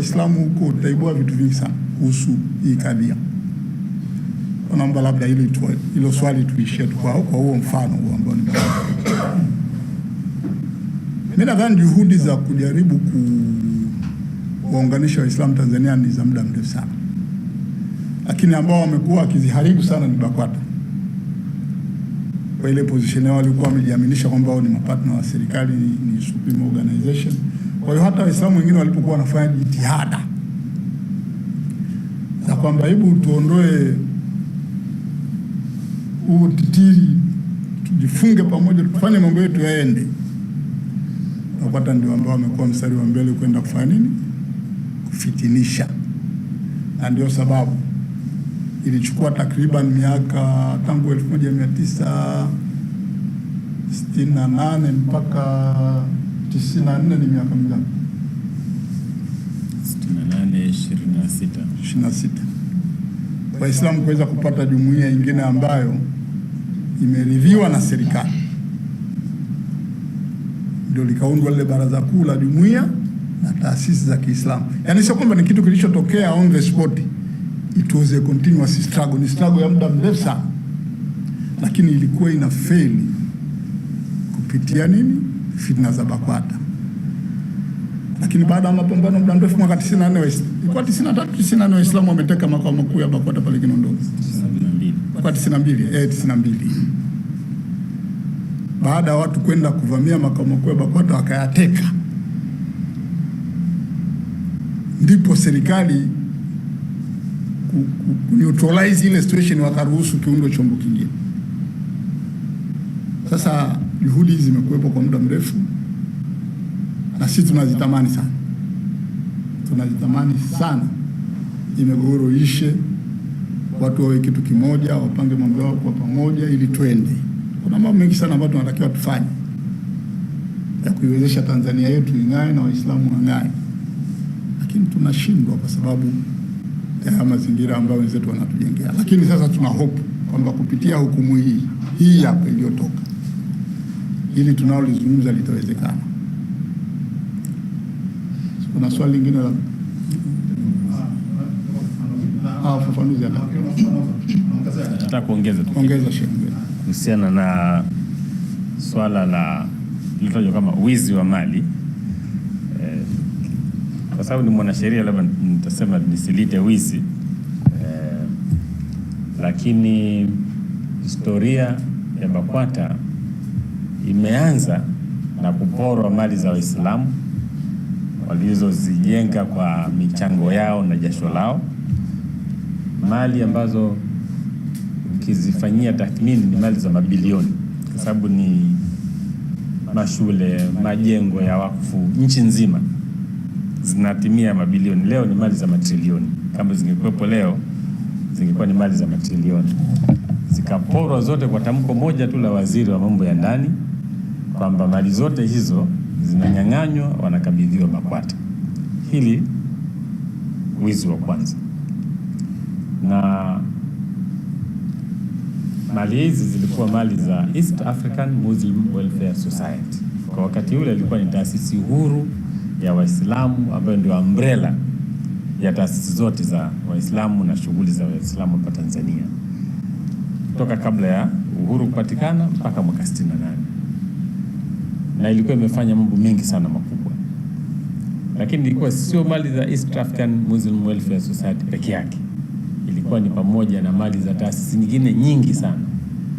Islamu huko utaibua vitu vingi sana kuhusu hii kadhia. Naomba labda tu, hilo swali tuishie tu kwa huo mfano huo ambao ni mimi nadhani juhudi za kujaribu kuwaunganisha Waislamu Tanzania ni za muda mrefu sana, lakini ambao wamekuwa wakiziharibu sana ni BAKWATA. Kwa ile position yao walikuwa wamejiaminisha kwamba wao ni mapatna wa serikali, ni supreme organization kwa hiyo hata Waislamu wengine walipokuwa wanafanya jitihada za kwamba hebu tuondoe huu titiri, tujifunge pamoja, tufanye mambo yetu yaende, napata ndio ambao wamekuwa mstari wa mbele kwenda kufanya nini, kufitinisha. Na ndio sababu ilichukua takriban miaka tangu elfu moja mia tisa sitini na nane mpaka tisini na nne ni miaka mingapi? ishirini na sita. Waislamu kuweza kupata jumuiya ingine ambayo imeridhiwa na serikali, ndio likaundwa lile baraza kuu la jumuiya na taasisi za Kiislamu. Yaani sio kwamba ni kitu kilichotokea on the spot, it was a continuous struggle. Ni struggle ya muda mrefu sana, lakini ilikuwa ina feli kupitia nini fitna za BAKWATA. Lakini baada ya mapambano muda mrefu, mwaka 94 ilikuwa 93 94, Waislamu wameteka makao makuu ya BAKWATA pale Kinondoni 92. kwa 92 eh 92, baada ya watu kwenda kuvamia makao makuu ya BAKWATA wakayateka, ndipo serikali kuneutralize ile situation wakaruhusu kiundo chombo kingine sasa Juhudi hizi zimekuwepo kwa muda mrefu na sisi tunazitamani sana, tunazitamani sana. Imegogoro ishe, watu wawe kitu kimoja, wapange mambo yao kwa pamoja ili twende. Kuna mambo mengi sana ambayo tunatakiwa tufanye ya kuiwezesha Tanzania yetu ing'ae na Waislamu wang'ae, lakini tunashindwa kwa sababu ya mazingira ambayo wenzetu wanatujengea. Lakini sasa tuna hope kwamba kupitia hukumu hii hii hapa iliyotoka ili tunalolizungumza litawezekana. Kuna swali lingine la ah, ufafanuzi kuongeza kuhusiana na swala la lilotajwa kama wizi wa mali eh, kwa sababu ni mwanasheria, labda nitasema nisilite wizi eh, lakini historia ya BAKWATA imeanza na kuporwa mali za Waislamu walizozijenga kwa michango yao na jasho lao, mali ambazo ukizifanyia tathmini ni mali za mabilioni, kwa sababu ni mashule, majengo ya wakfu nchi nzima zinatimia mabilioni. Leo ni mali za matrilioni. Kama zingekuwepo leo, zingekuwa ni mali za matrilioni, zikaporwa zote kwa tamko moja tu la waziri wa mambo ya ndani kwamba mali zote hizo zinanyang'anywa, wanakabidhiwa BAKWATA. Hili wizi wa kwanza, na mali hizi zilikuwa mali za East African Muslim Welfare Society. Kwa wakati ule ilikuwa ni taasisi huru ya Waislamu ambayo ndio umbrella ya taasisi zote za Waislamu na shughuli za Waislamu hapa Tanzania toka kabla ya uhuru kupatikana mpaka mwaka 68 na ilikuwa imefanya mambo mengi sana makubwa, lakini ilikuwa sio mali za East African Muslim Welfare Society peke yake, ilikuwa ni pamoja na mali za taasisi nyingine nyingi sana,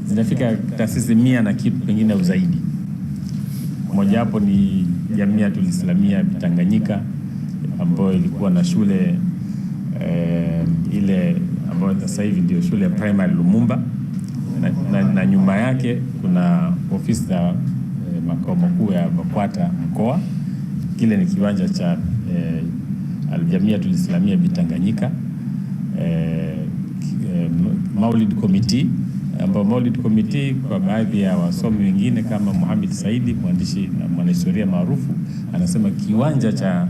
zinafika taasisi mia na kitu pengine au zaidi. Mojawapo ni Jamiatul Tulislamia Tanganyika ambayo ilikuwa na shule eh, ile ambayo sasa hivi ndio shule ya primary Lumumba na, na, na nyuma yake kuna ofisi za makao makuu ya BAKWATA mkoa. Kile ni kiwanja cha eh, Aljamiatul Islamia Bitanganyika eh, eh Maulid Committee ambao Maulid Committee kwa baadhi ya wasomi wengine kama Muhammad Saidi, mwandishi na mwanahistoria maarufu, anasema kiwanja cha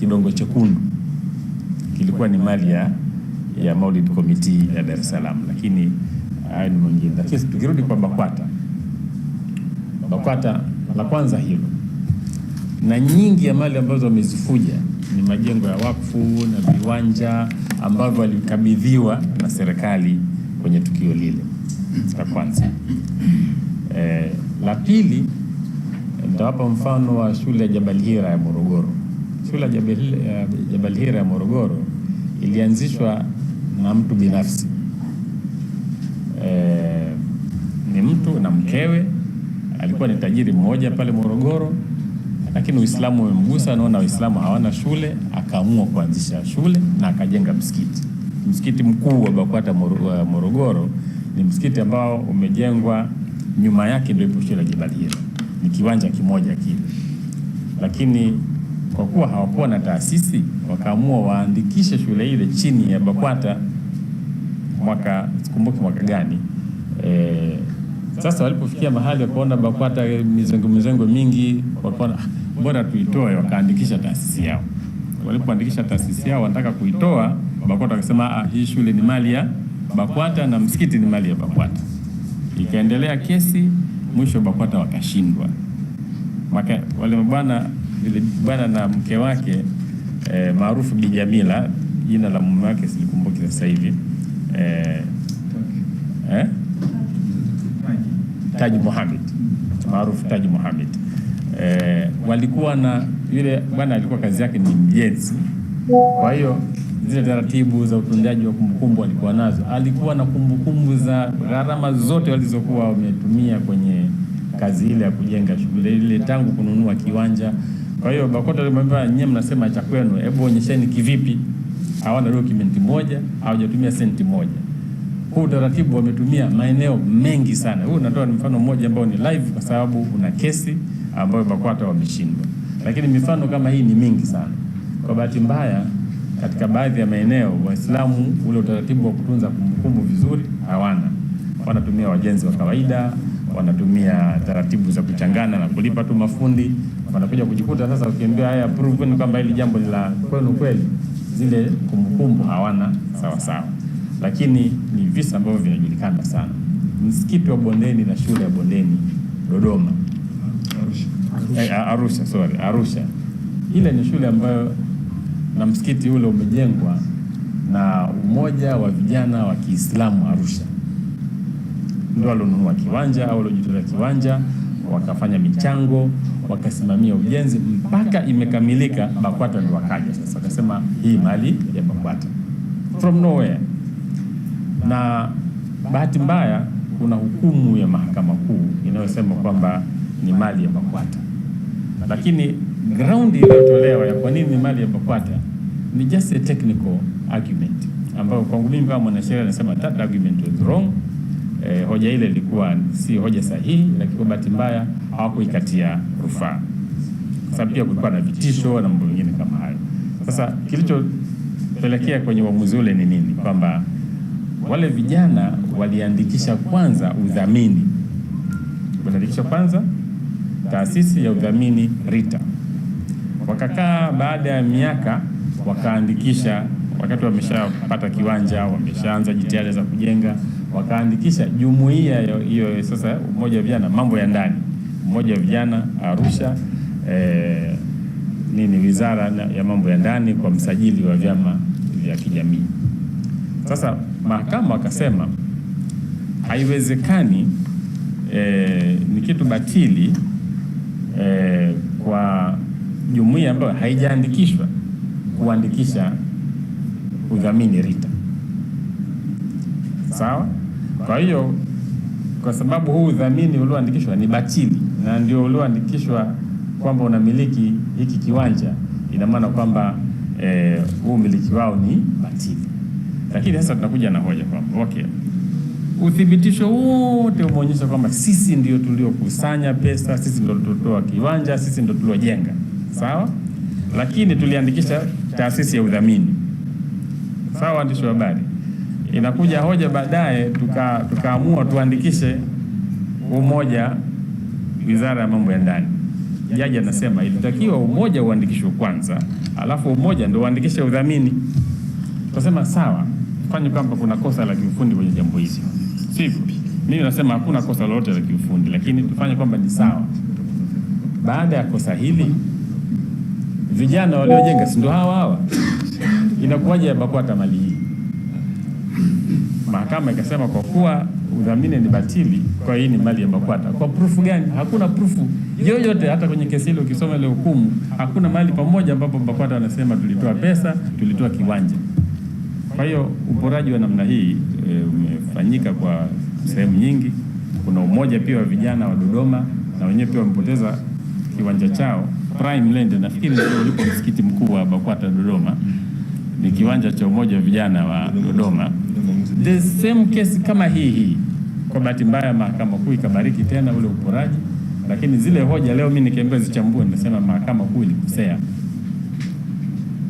Kidongo Chekundu kilikuwa ni mali ya, ya Maulid Committee ya Dar es Salaam, lakini hayo ni mwingine. Lakini tukirudi kwa BAKWATA BAKWATA la kwanza hilo, na nyingi ya mali ambazo wamezifuja ni majengo ya wakfu na viwanja ambavyo walikabidhiwa na serikali kwenye tukio lile la kwanza. E, la pili nitawapa mfano wa shule ya Jabal Hira ya Morogoro. Shule ya Jabal eh, Hira ya Morogoro ilianzishwa na mtu binafsi e, ni mtu na mkewe alikuwa ni tajiri mmoja pale Morogoro, lakini Uislamu umemgusa, anaona Waislamu hawana shule, akaamua kuanzisha shule na akajenga msikiti. Msikiti mkuu wa BAKWATA Morogoro ni msikiti ambao umejengwa, nyuma yake ndio ipo shule ya Jabal Hira, ni kiwanja kimoja kile, lakini kwa kuwa hawakuwa na taasisi, wakaamua waandikishe shule ile chini ya BAKWATA mwaka, sikumbuki mwaka gani eh, sasa walipofikia mahali wakaona BAKWATA mizengo mizengo mingi, wakaona bora tuitoe, wakaandikisha taasisi yao. Walipoandikisha taasisi yao wanataka kuitoa BAKWATA, wakasema ah, hii shule ni mali ya BAKWATA na msikiti ni mali ya BAKWATA. Ikaendelea kesi, mwisho BAKWATA wakashindwa. Wale mabwana ile bwana na mke wake e, maarufu Bi Jamila, jina la mume wake silikumbuki sasa hivi eh, eh? Taji Mohamed maarufu Taji Mohamed. E, eh, walikuwa na yule bwana alikuwa kazi yake ni mjenzi, kwa hiyo zile taratibu za utunzaji wa kumbukumbu alikuwa nazo. Alikuwa na kumbukumbu za gharama zote walizokuwa wametumia kwenye kazi ile ya kujenga shule ile tangu kununua kiwanja. Kwa hiyo BAKOTA alimwambia, nyie mnasema cha kwenu, hebu onyesheni kivipi? Hawana dokumenti moja, hawajatumia senti moja huu utaratibu wametumia maeneo mengi sana. Huu ni mfano mmoja ambao ni live kwa sababu una kesi ambayo BAKWATA wameshindwa, lakini mifano kama hii ni mingi sana. Kwa bahati mbaya, katika baadhi ya maeneo Waislamu ule utaratibu wa kutunza kumbukumbu vizuri hawana, wanatumia wajenzi wa kawaida, wanatumia taratibu za kuchangana na kulipa tu mafundi, wanakuja kujikuta sasa ukiambia haya proven kwamba hili jambo ni la kwenu kweli, zile kumbukumbu hawana sawasawa, lakini visa ambavyo vinajulikana sana, msikiti wa Bondeni na shule ya Bondeni Dodoma, Arusha, eh, Arusha, sorry, Arusha. Ile ni shule ambayo na msikiti ule umejengwa na Umoja wa Vijana wa Kiislamu Arusha, ndio walionunua kiwanja au waliojitolea kiwanja wakafanya michango wakasimamia ujenzi mpaka imekamilika. BAKWATA ndio wakaja sasa wakasema hii mali ya BAKWATA from nowhere na bahati mbaya kuna hukumu ya mahakama kuu inayosema kwamba ni mali ya BAKWATA, lakini ground iliyotolewa ya kwa nini ni mali ya BAKWATA ni just a technical argument ambayo kwangu mimi kama mwanasheria nasema that argument was wrong. Eh, hoja ile ilikuwa si hoja sahihi, lakini kwa bahati mbaya hawakuikatia rufaa, sababu pia kulikuwa na vitisho na mambo mengine kama hayo. Sasa kilichopelekea kwenye uamuzi ule ni nini? Kwamba wale vijana waliandikisha kwanza udhamini, waliandikisha kwanza taasisi ya udhamini RITA, wakakaa baada ya miaka wakaandikisha wakati wameshapata kiwanja, wameshaanza jitihada za kujenga, wakaandikisha jumuiya hiyo. Sasa umoja wa vijana mambo ya ndani, umoja wa vijana Arusha, eh, nini, wizara ya mambo ya ndani kwa msajili wa vyama vya kijamii sasa Mahakama wakasema haiwezekani, e, ni kitu batili e, kwa jumuiya ambayo haijaandikishwa kuandikisha udhamini RITA. Sawa. Kwa hiyo kwa sababu huu udhamini ulioandikishwa ni batili na ndio ulioandikishwa kwamba unamiliki hiki kiwanja, ina maana kwamba eh, huu e, umiliki wao ni batili. Lakini sasa tunakuja na hoja kwamba okay, uthibitisho wote umeonyesha kwamba sisi ndio tuliokusanya pesa, sisi ndio tulitoa kiwanja, sisi ndio tuliojenga, sawa, lakini tuliandikisha taasisi ya udhamini, sawa, waandishi wa habari. Inakuja hoja baadaye, tukaamua tuka tuandikishe umoja wizara ya mambo ya ndani. Jaji anasema ilitakiwa umoja uandikishwe kwanza, alafu umoja ndio uandikishe udhamini. Tukasema sawa tufanye kwamba kuna kosa la kiufundi kwenye jambo hizi, sivipi? Mimi nasema hakuna kosa lolote la kiufundi, lakini tufanye kwamba ni sawa. Baada ya kosa hili, vijana waliojenga si ndio hawa hawa? Inakuwaje ya BAKWATA mali hii? Mahakama ikasema kwa kuwa udhamini ni batili, kwa hii ni mali ya BAKWATA. Kwa prufu gani? Hakuna prufu yoyote. Hata kwenye kesi ile ukisoma ile hukumu, hakuna mali pamoja ambapo BAKWATA wanasema tulitoa pesa, tulitoa kiwanja. Kwa hiyo uporaji wa namna hii e, umefanyika kwa sehemu nyingi. Kuna umoja pia wa vijana wa Dodoma na wenyewe pia wamepoteza kiwanja chao Prime Land, nafikiri ndio ulipo msikiti mkuu wa Bakwata Dodoma, ni kiwanja cha umoja wa vijana wa Dodoma. The same case kama hii hii, kwa bahati mbaya mahakama kuu ikabariki tena ule uporaji, lakini zile hoja leo mimi nikiambiwa zichambue, nasema mahakama kuu ilikosea.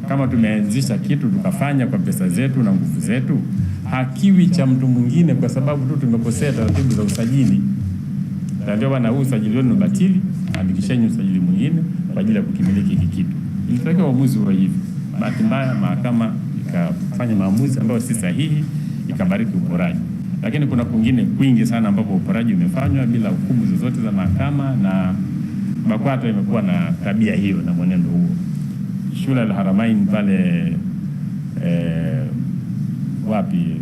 Kama tumeanzisha kitu tukafanya kwa pesa zetu na nguvu zetu, hakiwi cha mtu mwingine kwa sababu tu tumekosea taratibu za usajili. Na ndio maana huu usajili wenu batili, andikisheni usajili mwingine kwa ajili ya kukimiliki hiki kitu. Ilitokea uamuzi wa hivi. Bahati mbaya, mahakama ikafanya maamuzi ambayo si sahihi, ikabariki uporaji. Lakini kuna kwingine kwingi sana ambapo uporaji umefanywa bila hukumu zozote za mahakama, na BAKWATA imekuwa na tabia hiyo na mwenendo shule Alharamain pale eh, wapi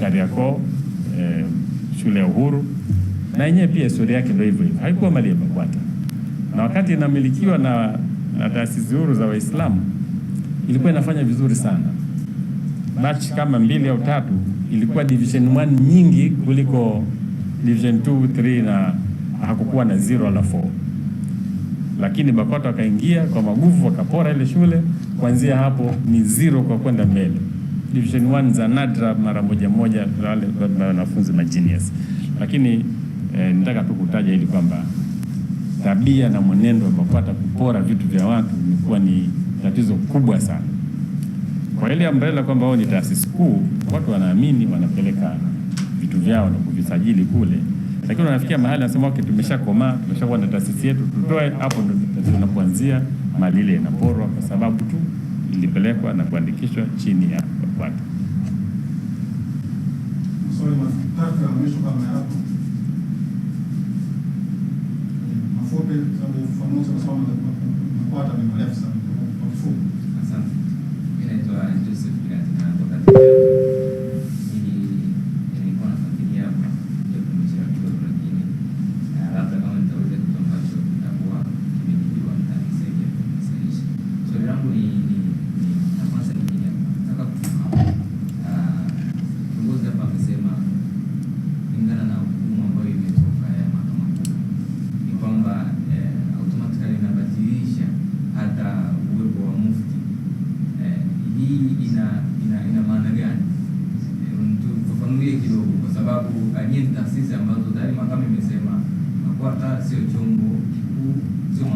Kariakoo eh, shule ya Uhuru na yenyewe pia historia yake ndio hivyo hivyo, haikuwa mali ya BAKWATA na wakati inamilikiwa na, na taasisi huru za Waislamu ilikuwa inafanya vizuri sana. Batch kama mbili au tatu ilikuwa division 1 nyingi kuliko division 2, 3 na hakukuwa na 0 wala 4 lakini BAKWATA wakaingia kwa maguvu wakapora ile shule. Kuanzia hapo ni zero kwa kwenda mbele. Division 1 za nadra mara moja moja wale wanafunzi ma genius, lakini eh, nitaka tu kutaja ili kwamba tabia na mwenendo wa BAKWATA kupora vitu vya watu imekuwa ni tatizo kubwa sana kwa ile umbrella kwamba wao ni taasisi kuu, watu wanaamini wanapeleka vitu vyao na kuvisajili kule lakini unafikia mahali anasema okay, tumeshakomaa tumeshakuwa na taasisi yetu, tutoe hapo, ndo tunapoanzia mali ile inaporwa kwa sababu tu ilipelekwa na kuandikishwa chini ya watu ina ina, ina maana gani? Eh, Tufafanulie kidogo, kwa sababu eh, nyinyi taasisi ambazo tayari mahakama imesema Makwata sio chombo kikuu, sio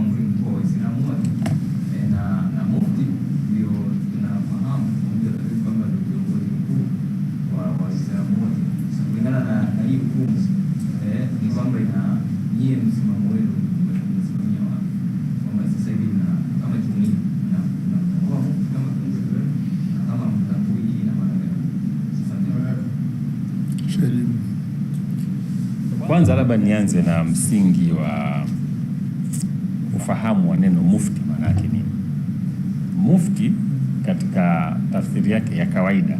Kwanza labda nianze na msingi wa ufahamu wa neno mufti, maana yake nini? Mufti katika tafsiri yake ya kawaida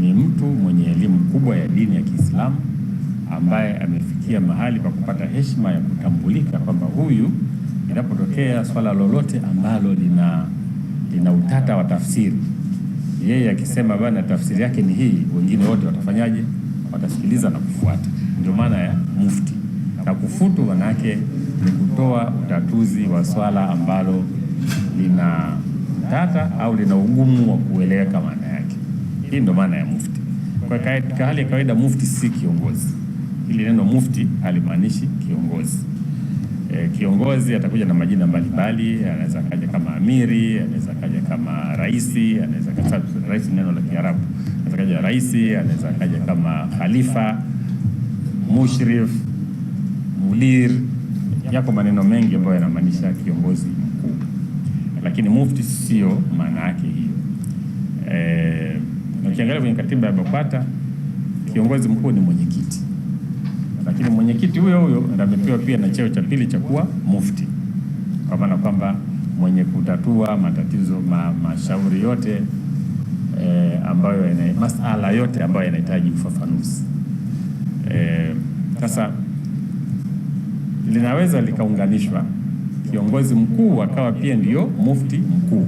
ni mtu mwenye elimu kubwa ya dini ya Kiislamu ambaye amefikia mahali pa kupata heshima ya kutambulika kwamba huyu, inapotokea swala lolote ambalo lina, lina utata wa tafsiri, yeye akisema bana tafsiri yake ni hii, wengine wote watafanyaje? Watasikiliza na kufuata ndio maana ya mufti, na kufutu manake ni kutoa utatuzi wa swala ambalo lina tata au lina ugumu wa kueleweka maana yake. Hii ndio maana ya mufti. Kwa hali ya kawaida, mufti si kiongozi. ili neno mufti halimaanishi kiongozi. E, kiongozi atakuja na majina mbalimbali, anaweza kaja kama amiri, anaweza kaja kama raisi, anaweza kaja rais, neno la Kiarabu, anaweza kaja raisi, anaweza kaja kama khalifa mushrif, mudir, yako maneno mengi ambayo yanamaanisha kiongozi mkuu, lakini mufti sio maana yake hiyo. E, ukiangalia kwenye katiba ya BAKWATA kiongozi mkuu ni mwenyekiti, lakini mwenyekiti huyo huyo amepewa pia na cheo cha pili cha kuwa mufti, kwa maana kwamba mwenye kutatua matatizo ma, mashauri yote e, ambayo masala yote ambayo yanahitaji ufafanuzi. Eh, sasa e, linaweza likaunganishwa, kiongozi mkuu akawa pia ndio mufti mkuu.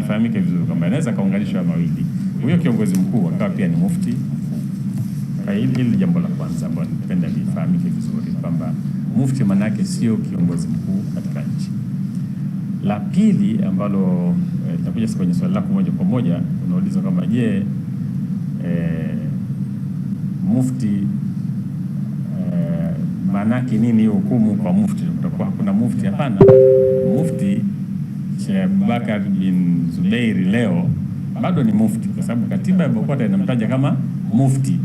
Ifahamike vizuri kwamba inaweza kaunganishwa mawili, huyo kiongozi mkuu akawa pia ni mufti hili Hili jambo la kwanza ambayo nipenda lifahamike vizuri kwamba mufti manake sio kiongozi mkuu katika nchi. La pili ambalo eh, litakuja eh, kwenye swali lako moja kwa moja unauliza kwamba je mufti eh, maanake nini hukumu kwa mufti? Kutakuwa hakuna mufti? Hapana, mufti Sheikh Abubakar bin Zubeiri leo bado ni mufti, kwa sababu katiba ya BOKOTA inamtaja kama mufti,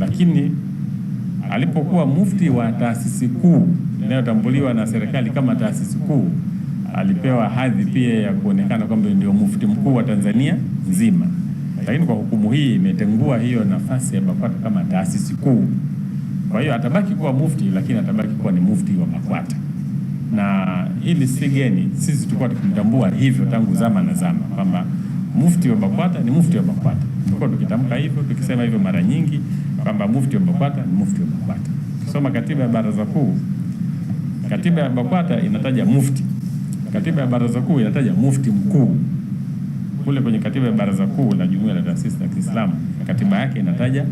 lakini alipokuwa mufti wa taasisi kuu inayotambuliwa na serikali kama taasisi kuu, alipewa hadhi pia ya kuonekana kwamba ndio mufti mkuu wa Tanzania nzima lakini kwa hukumu hii imetengua hiyo nafasi ya BAKWATA kama taasisi kuu. Kwa hiyo atabaki kuwa mufti, lakini atabaki kuwa ni mufti wa BAKWATA na hili si geni, sisi tulikuwa tukimtambua hivyo tangu zama na zama kwamba mufti wa BAKWATA ni mufti wa BAKWATA. Tulikuwa tukitamka hivyo, tukisema hivyo mara nyingi kwamba mufti wa BAKWATA ni mufti wa BAKWATA. Ukisoma katiba ya baraza kuu, katiba ya BAKWATA inataja mufti, katiba ya baraza kuu inataja mufti mkuu kule kwenye katiba ya Baraza Kuu la Jumuiya la Taasisi za Kiislamu, katiba yake inataja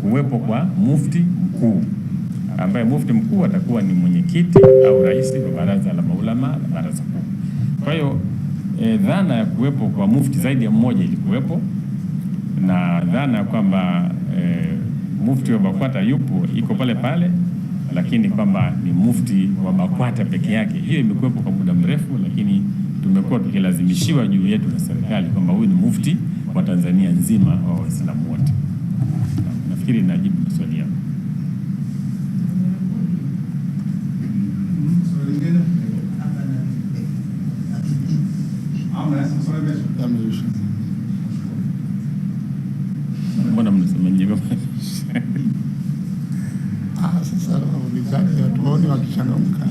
kuwepo kwa mufti mkuu, ambaye mufti mkuu atakuwa ni mwenyekiti au rais wa baraza la maulama la Baraza Kuu. Kwa hiyo e, dhana ya kuwepo kwa mufti zaidi ya mmoja ilikuwepo na dhana ya kwamba e, mufti wa BAKWATA yupo iko pale pale, lakini kwamba ni mufti wa BAKWATA peke yake, hiyo imekuwepo kwa muda mrefu, lakini tumekuwa tukilazimishiwa juu yetu na serikali kwamba huyu ni mufti wa Tanzania nzima wa Waislamu wote. Nafikiri najibu maswali yako. Mbona mnasema nyinyi? Ah, sasa waulizaji wakichangamka.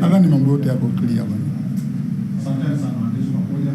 Nadhani mambo yote yako clear bwana. Asante sana waandishi pamoja.